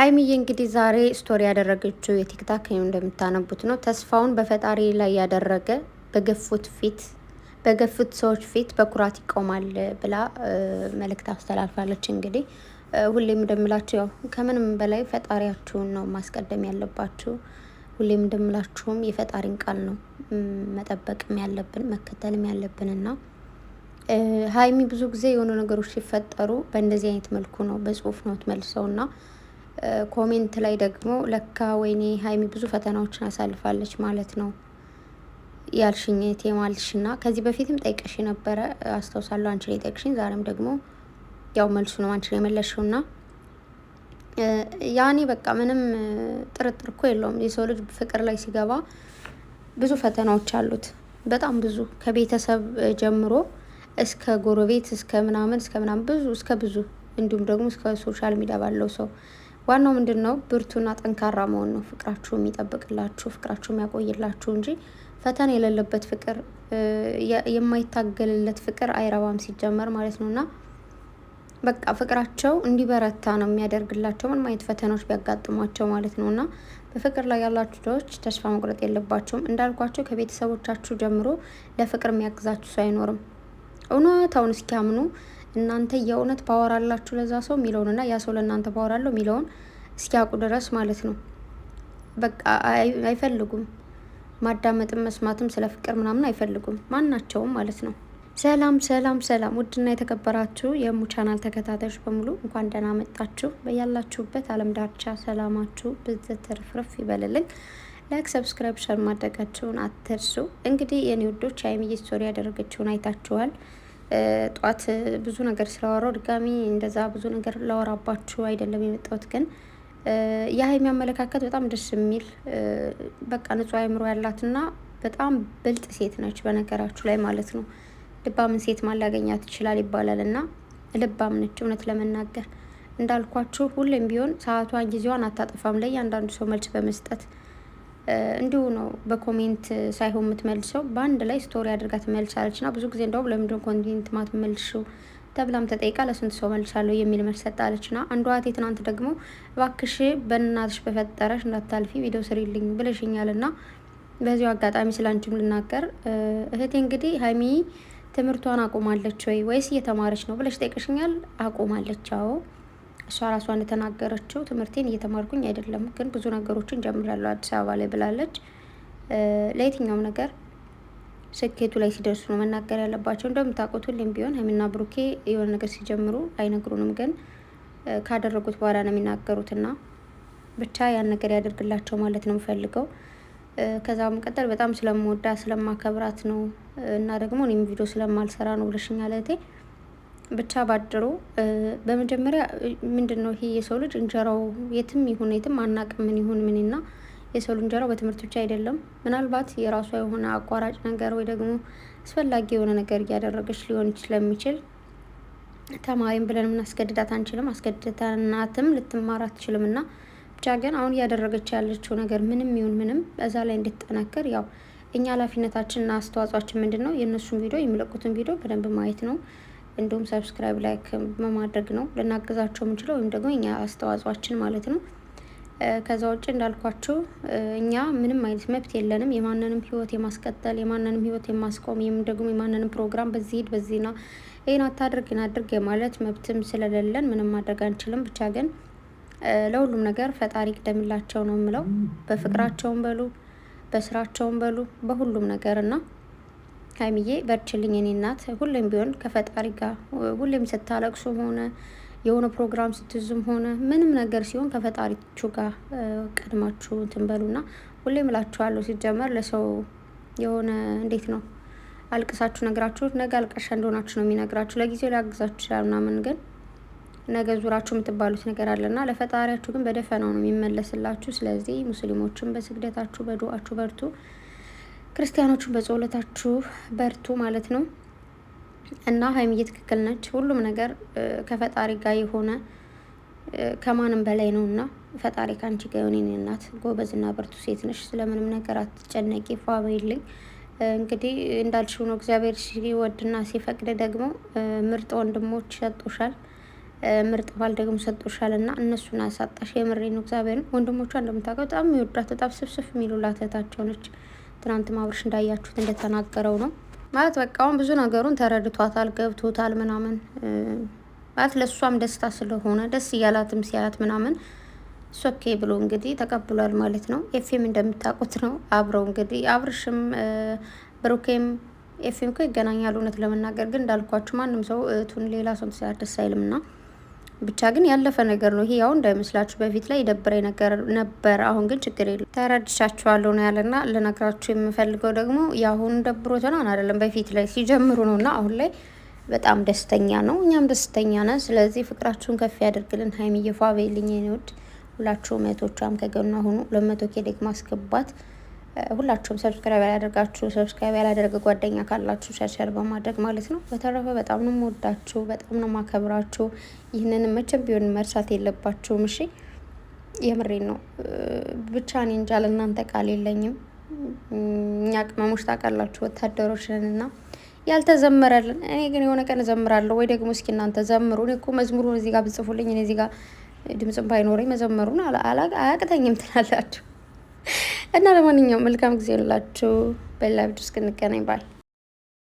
ሀይሚዬ እንግዲህ ዛሬ ስቶሪ ያደረገችው የቲክታክ እንደምታነቡት ነው። ተስፋውን በፈጣሪ ላይ ያደረገ በገፉት ፊት በገፉት ሰዎች ፊት በኩራት ይቆማል ብላ መልእክት አስተላልፋለች። እንግዲህ ሁሌም እንደምላችሁ ያው ከምንም በላይ ፈጣሪያችሁን ነው ማስቀደም ያለባችሁ። ሁሌም እንደምላችሁም የፈጣሪን ቃል ነው መጠበቅም ያለብን መከተልም ያለብንና ሀይሚ ብዙ ጊዜ የሆኑ ነገሮች ሲፈጠሩ በእንደዚህ አይነት መልኩ ነው በጽሁፍ ነው መልሰውና። ኮሜንት ላይ ደግሞ ለካ ወይኔ ሀይሚ ብዙ ፈተናዎችን አሳልፋለች ማለት ነው ያልሽኝ ቴማልሽና ከዚህ በፊትም ጠይቀሽ ነበረ አስታውሳለሁ። አንቺ ላይ ጠይቅሽኝ፣ ዛሬም ደግሞ ያው መልሱ ነው አንቺ ላይ መለስሽውና ያኔ በቃ ምንም ጥርጥር እኮ የለውም የሰው ልጅ ፍቅር ላይ ሲገባ ብዙ ፈተናዎች አሉት። በጣም ብዙ ከቤተሰብ ጀምሮ እስከ ጎረቤት እስከ ምናምን እስከ ምናምን ብዙ እስከ ብዙ እንዲሁም ደግሞ እስከ ሶሻል ሚዲያ ባለው ሰው ዋናው ምንድን ነው? ብርቱና ጠንካራ መሆን ነው። ፍቅራችሁ የሚጠብቅላችሁ ፍቅራችሁ የሚያቆይላችሁ እንጂ ፈተና የሌለበት ፍቅር የማይታገልለት ፍቅር አይረባም ሲጀመር ማለት ነው እና በቃ ፍቅራቸው እንዲበረታ ነው የሚያደርግላቸው ምንም አይነት ፈተናዎች ቢያጋጥሟቸው ማለት ነው እና በፍቅር ላይ ያላችሁ ሰዎች ተስፋ መቁረጥ የለባቸውም። እንዳልኳቸው ከቤተሰቦቻችሁ ጀምሮ ለፍቅር የሚያግዛችሁ ሰው አይኖርም። እውነታውን እስኪያምኑ እናንተ የእውነት ፓወር አላችሁ ለዛ ሰው የሚለውንና ያ ሰው ለእናንተ ፓወር አለው የሚለውን እስኪያውቁ ድረስ ማለት ነው። በቃ አይፈልጉም ማዳመጥም መስማትም ስለ ፍቅር ምናምን አይፈልጉም ማናቸውም ማለት ነው። ሰላም ሰላም ሰላም! ውድና የተከበራችሁ የሙ ቻናል ተከታታዮች በሙሉ እንኳን ደህና መጣችሁ። በያላችሁበት አለም ዳርቻ ሰላማችሁ ብዝት ትርፍርፍ ይበልልን። ላይክ ሰብስክራይብ ሸር ማድረጋችሁን አትርሱ። እንግዲህ የኔ ውዶች ሀይሚዬ ስቶሪ ያደረገችውን አይታችኋል። ጧት ብዙ ነገር ስላወራው ድጋሚ እንደዛ ብዙ ነገር ላወራባችሁ አይደለም የመጣሁት። ግን የሀይሚ አመለካከት በጣም ደስ የሚል በቃ ንጹ አእምሮ ያላትና በጣም ብልጥ ሴት ነች፣ በነገራችሁ ላይ ማለት ነው። ልባምን ሴት ማላገኛት ይችላል ይባላል እና ልባም ነች እውነት ለመናገር እንዳልኳችሁ ሁሌም ቢሆን ሰዓቷን ጊዜዋን አታጠፋም። ለእያንዳንዱ ሰው መልስ በመስጠት እንዲሁ ነው በኮሜንት ሳይሆን የምትመልሰው በአንድ ላይ ስቶሪ አድርጋ ትመልሳለች። እና ብዙ ጊዜ እንደውም ለምንድን ማት መልሹ ተብላም ተጠይቃ ለስንት ሰው መልሳለሁ የሚል መልስ ሰጣለች። እና አንዷ እህቴ ትናንት ደግሞ እባክሽ በእናትሽ በፈጠረሽ እንዳታልፊ ቪዲዮ ስሪልኝ ብለሽኛል። እና በዚሁ አጋጣሚ ስለ አንቺም ልናገር እህቴ እንግዲህ ሀይሚ ትምህርቷን አቁማለች ወይ ወይስ እየተማረች ነው ብለሽ ጠይቅሽኛል። አቁማለች። አዎ እሷ ራሷን እንደተናገረችው ትምህርቴን እየተማርኩኝ አይደለም፣ ግን ብዙ ነገሮችን ጀምራለሁ አዲስ አበባ ላይ ብላለች። ለየትኛውም ነገር ስኬቱ ላይ ሲደርሱ ነው መናገር ያለባቸው። እንደምታውቁት ሁሌም ቢሆን ሀይሚና ብሩኬ የሆነ ነገር ሲጀምሩ አይነግሩንም፣ ግን ካደረጉት በኋላ ነው የሚናገሩትና ብቻ ያን ነገር ያደርግላቸው ማለት ነው የምፈልገው። ከዛ በመቀጠል በጣም ስለምወዳ ስለማከብራት ነው እና ደግሞ እኔም ቪዲዮ ስለማልሰራ ነው ብለሽኛል እህቴ ብቻ ባድሮ በመጀመሪያ ምንድን ነው ይሄ የሰው ልጅ እንጀራው የትም ይሁን የትም አናቅም ምን ይሁን ና የሰው ልጅ እንጀራው በትምህርት ብቻ አይደለም። ምናልባት የራሷ የሆነ አቋራጭ ነገር ወይ ደግሞ አስፈላጊ የሆነ ነገር እያደረገች ሊሆን ስለሚችል ተማሪም ብለን ምናስገድዳት አንችልም። አስገድዳናትም ልትማር አትችልም እና ብቻ ግን አሁን እያደረገች ያለችው ነገር ምንም ይሁን ምንም እዛ ላይ እንድትጠናከር ያው እኛ ኃላፊነታችንና አስተዋጽኦችን ምንድን ነው የእነሱን ቪዲዮ የሚለቁትን ቪዲዮ በደንብ ማየት ነው። እንዲሁም ሰብስክራይብ ላይክ በማድረግ ነው ልናግዛቸው የምንችለው ወይም ደግሞ እኛ አስተዋጽኦችን ማለት ነው። ከዛ ውጭ እንዳልኳችሁ እኛ ምንም አይነት መብት የለንም። የማንንም ህይወት የማስቀጠል የማንንም ህይወት የማስቆም ወይም ደግሞ የማንንም ፕሮግራም በዚህ ሂድ በዚህና ይህን አታድርግ ይህን አድርግ የማለት መብትም ስለሌለን ምንም ማድረግ አንችልም። ብቻ ግን ለሁሉም ነገር ፈጣሪ ቅደምላቸው ነው የምለው። በፍቅራቸውም በሉ በስራቸውም በሉ በሁሉም ነገር እና ሀይሚዬ በርችልኝ እኔ እናት። ሁሌም ቢሆን ከፈጣሪ ጋር ሁሌም ስታለቅሱም ሆነ የሆነ ፕሮግራም ስትዙም ሆነ ምንም ነገር ሲሆን ከፈጣሪችሁ ጋር ቀድማችሁ ትንበሉና ሁሌም እላችኋለሁ። ሲጀመር ለሰው የሆነ እንዴት ነው አልቅሳችሁ ነግራችሁ ነገ አልቀሻ እንደሆናችሁ ነው የሚነግራችሁ። ለጊዜው ሊያግዛችሁ ይችላል ምናምን፣ ግን ነገ ዙራችሁ የምትባሉት ነገር አለና ለፈጣሪያችሁ ግን በደፈናው ነው የሚመለስላችሁ። ስለዚህ ሙስሊሞችን በስግደታችሁ በዱአችሁ በርቱ። ክርስቲያኖቹን በጸሎታችሁ በርቱ ማለት ነው። እና ሀይሚዬ ትክክል ነች። ሁሉም ነገር ከፈጣሪ ጋር የሆነ ከማንም በላይ ነው እና ፈጣሪ ከአንቺ ጋር የሆነ እናት ጎበዝና በርቱ ሴት ነሽ። ስለምንም ነገር አትጨነቂ። ፏበይልኝ እንግዲህ እንዳልሽው ነው። እግዚአብሔር ሲወድና ሲፈቅድ ደግሞ ምርጥ ወንድሞች ሰጡሻል፣ ምርጥ ባል ደግሞ ሰጡሻል እና እነሱን አሳጣሽ። የምሬ ነው። እግዚአብሔር ወንድሞቿ እንደምታውቀው በጣም የሚወዳት በጣም ስብስፍ የሚሉላት እህታቸው ነች። ትናንት ማብርሽ እንዳያችሁት እንደተናገረው ነው ማለት በቃ አሁን ብዙ ነገሩን ተረድቷታል፣ ገብቶታል ምናምን ማለት ለእሷም ደስታ ስለሆነ ደስ እያላትም ሲያያት ምናምን ሶኬ ብሎ እንግዲህ ተቀብሏል ማለት ነው። ኤፌም እንደምታውቁት ነው አብረው እንግዲህ አብርሽም ብሩኬም ኤፌም እኮ ይገናኛሉ። እውነት ለመናገር ግን እንዳልኳችሁ ማንም ሰው እቱን ሌላ ሰው ሲያደስ አይልም ና ብቻ ግን ያለፈ ነገር ነው ይሄ። ያው እንዳይመስላችሁ በፊት ላይ የደበረኝ ነገር ነበር፣ አሁን ግን ችግር የለም ተረድሻችኋለሁ ነው ያለና ልነግራችሁ የምፈልገው ደግሞ የአሁኑ ደብሮተን አይደለም በፊት ላይ ሲጀምሩ ነው እና አሁን ላይ በጣም ደስተኛ ነው፣ እኛም ደስተኛ ነን። ስለዚህ ፍቅራችሁን ከፍ ያደርግልን። ሀይሚዬ ፏ በይልኝ ውድ ሁላችሁ መቶቿም ከገና ሁኑ። ለመቶ ኬ ደግሞ አስገባት ሁላችሁም ሰብስክራይብ ያላደርጋችሁ ሰብስክራይብ ያላደረገ ጓደኛ ካላችሁ ሸርሸር በማድረግ ማለት ነው። በተረፈ በጣም ነው የምወዳችሁ፣ በጣም ነው የማከብራችሁ። ይህንን መቼም ቢሆን መርሳት የለባችሁም እሺ። የምሬን ነው። ብቻ እኔ እንጃ ለእናንተ ቃል የለኝም። እኛ ቅመሞች ታውቃላችሁ ወታደሮችንና ያልተዘመረልን እኔ ግን የሆነ ቀን እዘምራለሁ ወይ ደግሞ እስኪ እናንተ ዘምሩ። እኔ እኮ መዝሙሩን እዚህ ጋር ብጽፉልኝ እኔ እዚህ ጋር ድምፅም ባይኖረኝ መዘመሩን አያቅተኝም ትላላችሁ እና ለማንኛውም መልካም ጊዜ ላችሁ። በሌላ ቪዲዮ እስክንገናኝ ባይ